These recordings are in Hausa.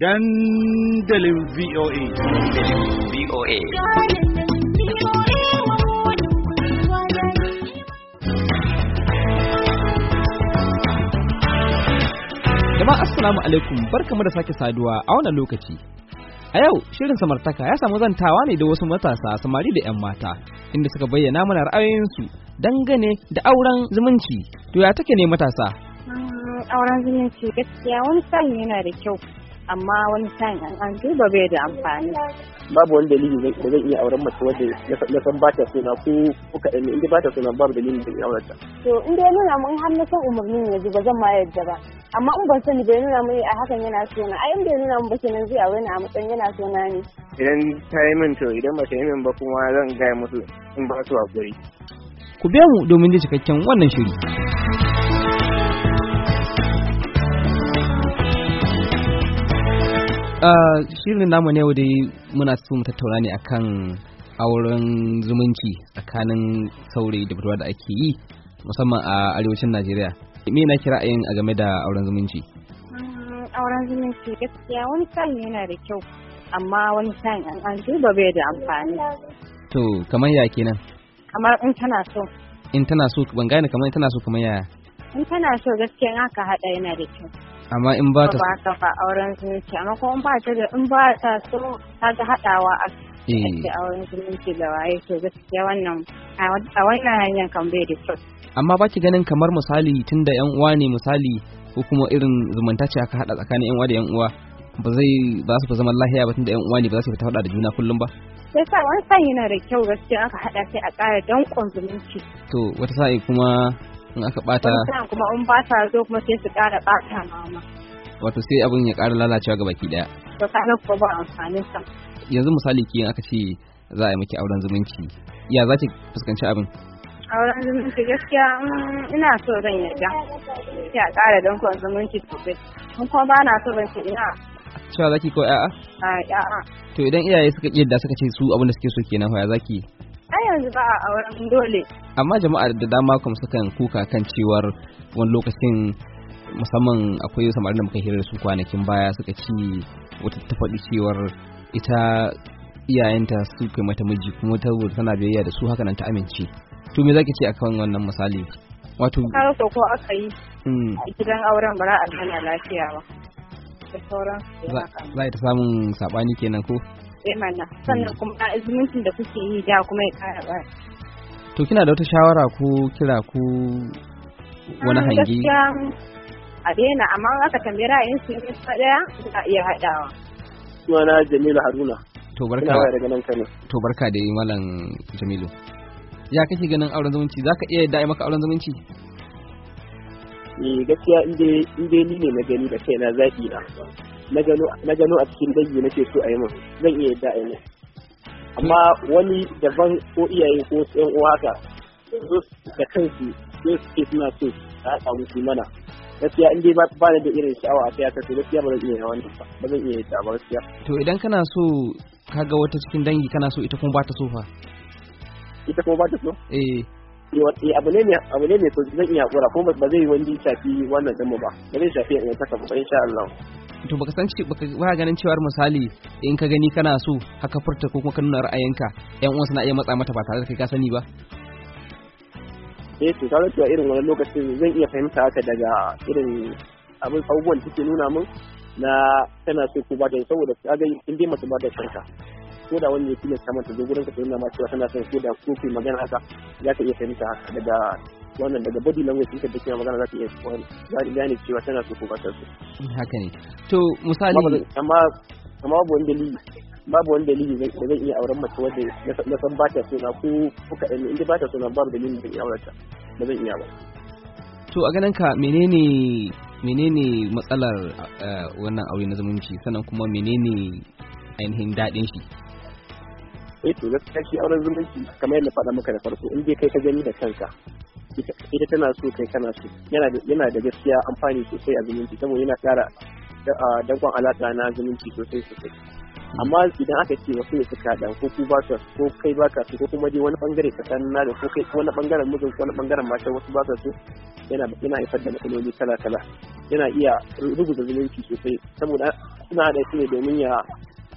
dandalin VOA. VOA. Jama'a Assalamu alaikum barkamu da sake saduwa a wannan lokaci. A yau shirin samartaka ya samu zantawa ne da wasu matasa samari da 'yan mata inda suka bayyana mana ra'ayoyinsu dangane da auren zumunci. To ya take ne matasa? Auren zumunci gaskiya wani sa'in yana da kyau amma wani sa'in an an duba bai da amfani babu wani dalili da zan iya auren mace wadda na san ba ta suna ko kuka kaɗan inda ba ta suna babu dalili da zan auren ta to in dai nuna mun har na san umarnin yanzu ba zan ma yadda ba amma in ban sani bai nuna mun eh, a hakan yana sona ai in bai nuna mun ba nan zai aure ni a matsayin yana sona ne idan ta yi min to idan ba ta yi min ba kuma zan gaya musu in ba su hakuri ku biya mu domin ji cikakken wannan shiri. Ah, shirin namu ne da muna so mu tattauna ne akan auren zumunci tsakanin saurayi da budurwa da ake yi musamman a arewacin Najeriya. Me na kira ayin a game da auren zumunci? Mm, auren zumunci gaskiya wani sa'in yana da kyau amma wani sa'in an an duba bai da amfani. To kamar ya kenan? Kamar in tana so. In tana so ban gane kamar in tana so kamar ya? In tana so gaskiya haka haɗa yana da kyau. amma in ba ta ba ta ba auren zumunci amma ko in ba ta da in ba ta so ta ga hadawa a cikin eh. auren zumunci da waye to gaskiya wannan a wannan hanyar kan bai da kyau amma ba ki ganin kamar misali tunda yan uwa ne misali ko kuma irin zumunta ce aka hada tsakanin yan uwa da yan uwa ba zai ba su fi zaman lahiya ba tunda yan uwa ne ba za su fita faɗa da juna kullum ba. Sai sa wani sa yana da kyau gaskiya aka haɗa sai a ƙara danƙon zumunci. To wata sa'i kuma in aka bata kuma in ba ta zo kuma sai su ƙara bata mama wato sai abin ya ƙara lalacewa ga baki daya to kaga ko ba amfanin sa yanzu misali ki aka ce za a yi miki auren zumunci ya za ki fuskanci abin auren zumunci gaskiya mm, ina so zan yi yarda ya ƙara dankon zumunci sosai mun kuma ba na so ban ce ina cewa zaki ko ya'a? a ya'a to idan iyaye suka yadda suka ce su abin da suke so kenan ya zaki yanzu ba a auren dole. Amma jama'a da dama kuma sukan kuka kan cewar wani lokacin musamman akwai samarin da muka hira da su kwanakin baya suka ci wata ta faɗi cewar ita iyayenta su kai mata miji kuma ta tana biyayya da su haka nan ta amince. To me zaki ce akan wannan misali? Wato ka so ko aka yi mm. a gidan auren bara a lafiya ba. Da sauran. Za ta samun sabani kenan ko? rutse eh, mana sannan kuma zumuncin da kuke yi da kuma ya kara ba to kina da wata shawara ko kira ko wani hangi a daina amma aka tambayi ra'ayin su ne daya za a iya haɗawa sunana Jamilu Haruna to barka daga nan Kano to barka da malam Jamilu ya kake ganin auren zumunci zaka iya yadda maka auren zumunci eh gaskiya inda inda ni ne na gani da kaina zaɓi na na gano a cikin dangi nake so a yi min zan iya yadda a yi min amma wani daban ko iyaye ko yan uwa haka da kansu sai su ke suna so a haɗa musu mana gaskiya in dai ba ni da irin sha'awa a tiyata to gaskiya ba zan iya yawan ba ba zan iya yadda ba gaskiya to idan kana so kaga wata cikin dangi kana so ita kuma ba ta so fa ita kuma ba ta so eh, eh, eh abu ne mai ne zan iya kura kuma ba zai wani shafi wannan zama ba ba zai shafi yan ta ba insha Allah to baka san ce baka ganin cewar misali in ka gani kana so haka furta ko kuma ka nuna ra'ayinka yan uwansa na iya matsa mata ba tare da kai ka sani ba eh to sai ka irin wani lokacin zan iya fahimta haka daga irin abin abubuwan da take nuna min na tana so ko ba saboda ka ga in dai mace ba da sarka ko da wani ya tilasta mata zo gurin ka nuna ma cewa tana son ko da ko magana haka za ka iya fahimta haka daga wannan daga body language ita take magana za ta iya za ta gane cewa tana so ko ba ta so haka ne to misali amma amma babu wani dalili babu wani dalili da zan iya auren mace wadda na san ba ta so na ko kuka kaɗan inda ba ta so na babu dalili da zan iya auren ta ba zan iya ba to a ganin ka menene menene matsalar eh, wannan aure na zumunci sannan kuma menene ainihin daɗin shi eh to gaskiya shi auren zumunci kamar yadda faɗa maka da farko in dai kai ka gani da kanka ita tana so kai kana so yana da gaskiya amfani sosai a zumunci saboda yana kara dankon alaka na zumunci sosai sosai amma idan aka ce wasu ne suka haɗa ko ku baka ko kai baka su ko kuma dai wani bangare tsakanin na da ko kai wani bangaren mijin ko wani bangaren mata wasu baka su yana yana haifar da matsaloli kala kala yana iya rubuta zumunci sosai saboda suna da shi ne domin ya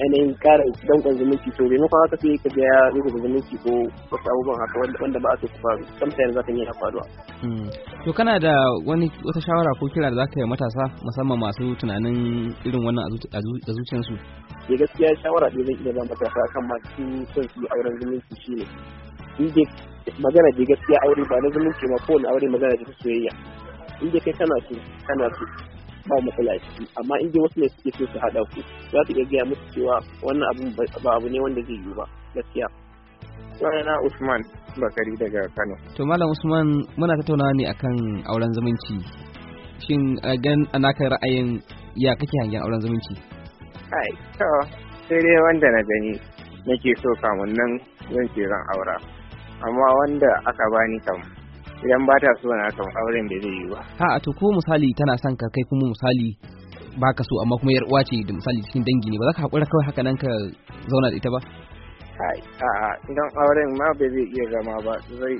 ainihin kara dankon zumunci to maimakon haka sai ka ga ya rubuta zumunci ko wasu abubuwan haka wanda ba a so ku faru sometimes za ta iya faruwa. Hmm. to kana da wani wata shawara ko kira da za ka yi matasa musamman masu tunanin irin wannan a zuciyarsu. ya eh, gaskiya shawara ɗaya zan iya ba matasa kan masu son su auren zumunci shine in dai magana da gaskiya aure ba na zumunci ma kowane aure magana da soyayya in dai kai kana so kana so ba matsala a ciki amma in dai wasu ne suke so su haɗa ku za su iya gaya musu cewa wannan abun ba abu ne wanda zai yiwu ba gaskiya. Sunana Usman Bakari daga Kano. To Malam Usman muna tattaunawa ne akan auren zumunci. Shin gan anaka ra'ayin ya kake hangen auren zumunci? Ai, to sai dai wanda na gani nake so kamun nan zan ce zan aura. Amma wanda aka bani kam idan ba ta so na kan auren da zai yi ba ha to ko misali tana son ka kai kuma misali baka so amma kuma yar uwa ce da misali cikin dangi ne ba za ka haƙura kawai haka nan ka zauna da ita ba a idan auren ma ba zai iya zama ba zai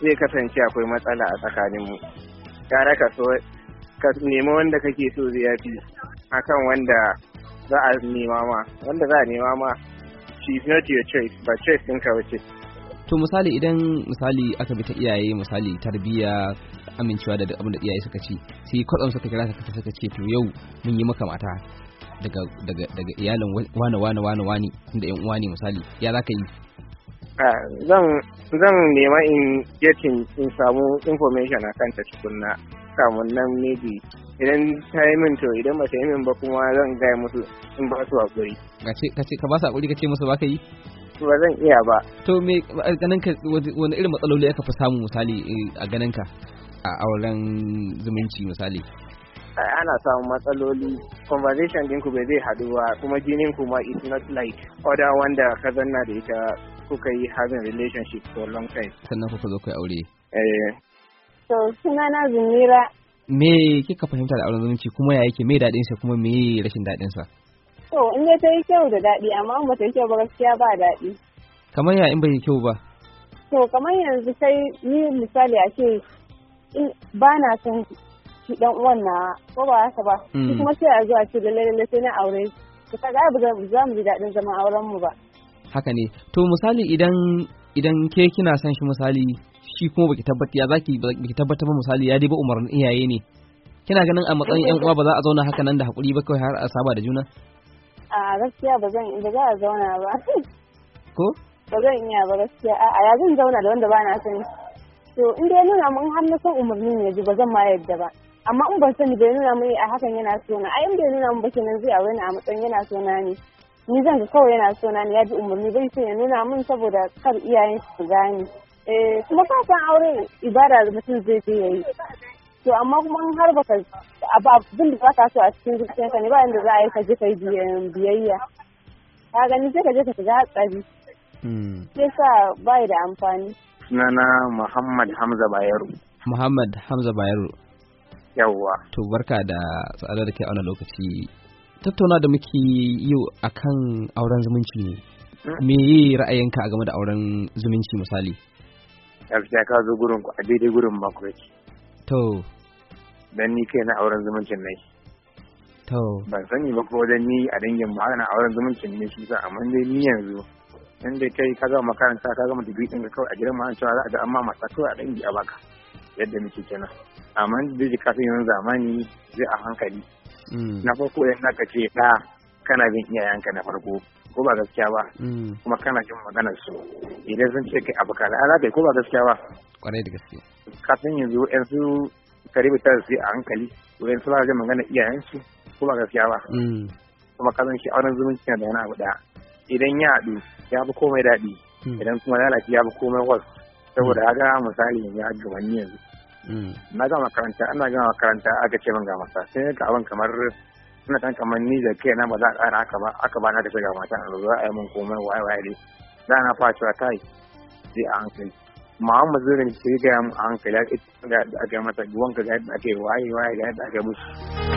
zai kasance akwai matsala a tsakaninmu gara ka so ka nemi wanda kake so zai yafi akan wanda za a nema ma wanda za a nema ma she's not your choice but choice ɗinka wace to misali idan misali aka bi ta iyaye misali tarbiyya amincewa da abin da iyaye suka ci sai kwatsam suka kira ka suka ce to yau mun yi maka mata daga daga daga iyalin wani wani wani wani da yan uwa ne misali ya za ka yi zan zan nema in getting in samu information akan ta na kamun nan maybe idan ta yi min to idan ba ta yi min ba kuma zan gaya musu in ba su hakuri ka ce ka ba su hakuri ka ce musu ba ka yi ba zan iya ba to me ganin ka wani irin matsaloli aka fi samu misali eh, a ganin ka a auren zumunci misali ana samun matsaloli conversation dinku bai zai haɗu ba kuma jinin kuma is not like other wanda ka zanna da ita kuka yi having relationship for long time sannan kuka zo kai aure eh so suna na zumira me kika fahimta da auren zumunci kuma ya yake me daɗinsa, kuma me rashin daɗinsa? sa To in dai ta yi kyau da daɗi amma in ta yi kyau ba gaskiya ba daɗi. Kamar ya in bai yi kyau ba? To kamar yanzu kai ni misali a ce ba na son shi ɗan uwan na ko ba haka ba. Shi hmm. kuma sai a zuwa ce lalle lalle sai na aure. To kaga ba za mu ji daɗin zaman auren mu ba. Haka ne. To misali idan idan ke kina son shi misali shi kuma baki tabbata ya zaki baki tabbata ba misali ya dai ba umarnin iyaye ne. Kina ganin a matsayin 'yan uwa ba za a zauna haka nan da haƙuri ba kawai har a saba da juna? A gaskiya ba zan ba za a zauna ba. Ko? Ba zan iya ba gaskiya a'a ya zan zauna da wanda ba na sani. To in dai nuna mun har na son umarnin yanzu ba zan ma yadda ba. Amma in ban sani bai nuna mun a hakan yana so na ai in bai nuna mun ba kenan zai aure ni a matsayin yana so na ne. Ni zan ga kawai yana so na ya ji umarni bai so ya nuna mun saboda kar iyayen su gane. Eh kuma kasan aure ibada mutum zai je yayi. to amma kuma har ba ka abin da za ka so a cikin zuciyarka ne ba inda za a yi ka je ka yi biyayya ka gani sai ka je ka shiga hatsari hmm. sai sa ba da amfani sunana Muhammad Hamza Bayero Muhammad Hamza Bayero yawwa to barka da tsada da kai auna lokaci tattauna da muke yau akan auren zumunci ne hmm. me yi ra'ayinka a game da auren zumunci misali gaskiya ka zo gurin ku a daidai gurin makwai. to dan ni kai na auren zumuncin nai to ban sani ba ko dan ni a dangin mu na auren zumuncin ne shi sa amma dai ni yanzu in dai kai ka gama makaranta ka gama digiri ɗin ka kawai a gidan mu an cewa za a ga amma masa kawai a dangi a baka yadda muke kenan amma dai ka kafin yanzu zamani zai a hankali mm. na farko idan naka ce da kana bin iyayenka na farko ko ba gaskiya ba mm. kuma kana jin maganar su idan sun ce kai abu kala ala kai ko ba gaskiya ba kwarai da gaske Kafin yanzu yanzu kare ta tare sai a hankali wurin su ba ga magana iyayensu ko ba gaskiya ba mm. kuma kazan shi auren zumunci na da wani abu daya idan ya haɗu ya fi komai daɗi mm. idan kuma lalace ya fi komai wasu saboda mm. ya ga misali ya ga gabanni yanzu na ga makaranta ana gama makaranta aka ce min ga masa sai ka abin kamar suna kan kamar ni da kai na ba za a ƙara haka ba aka ba na tafi ga mata a a yi min komai waye waye dai da na fa cewa kai sai a hankali Muhammad gani shi ga a hankali da aka masa wanka ga yadda ake waye waye ga yadda aka musu.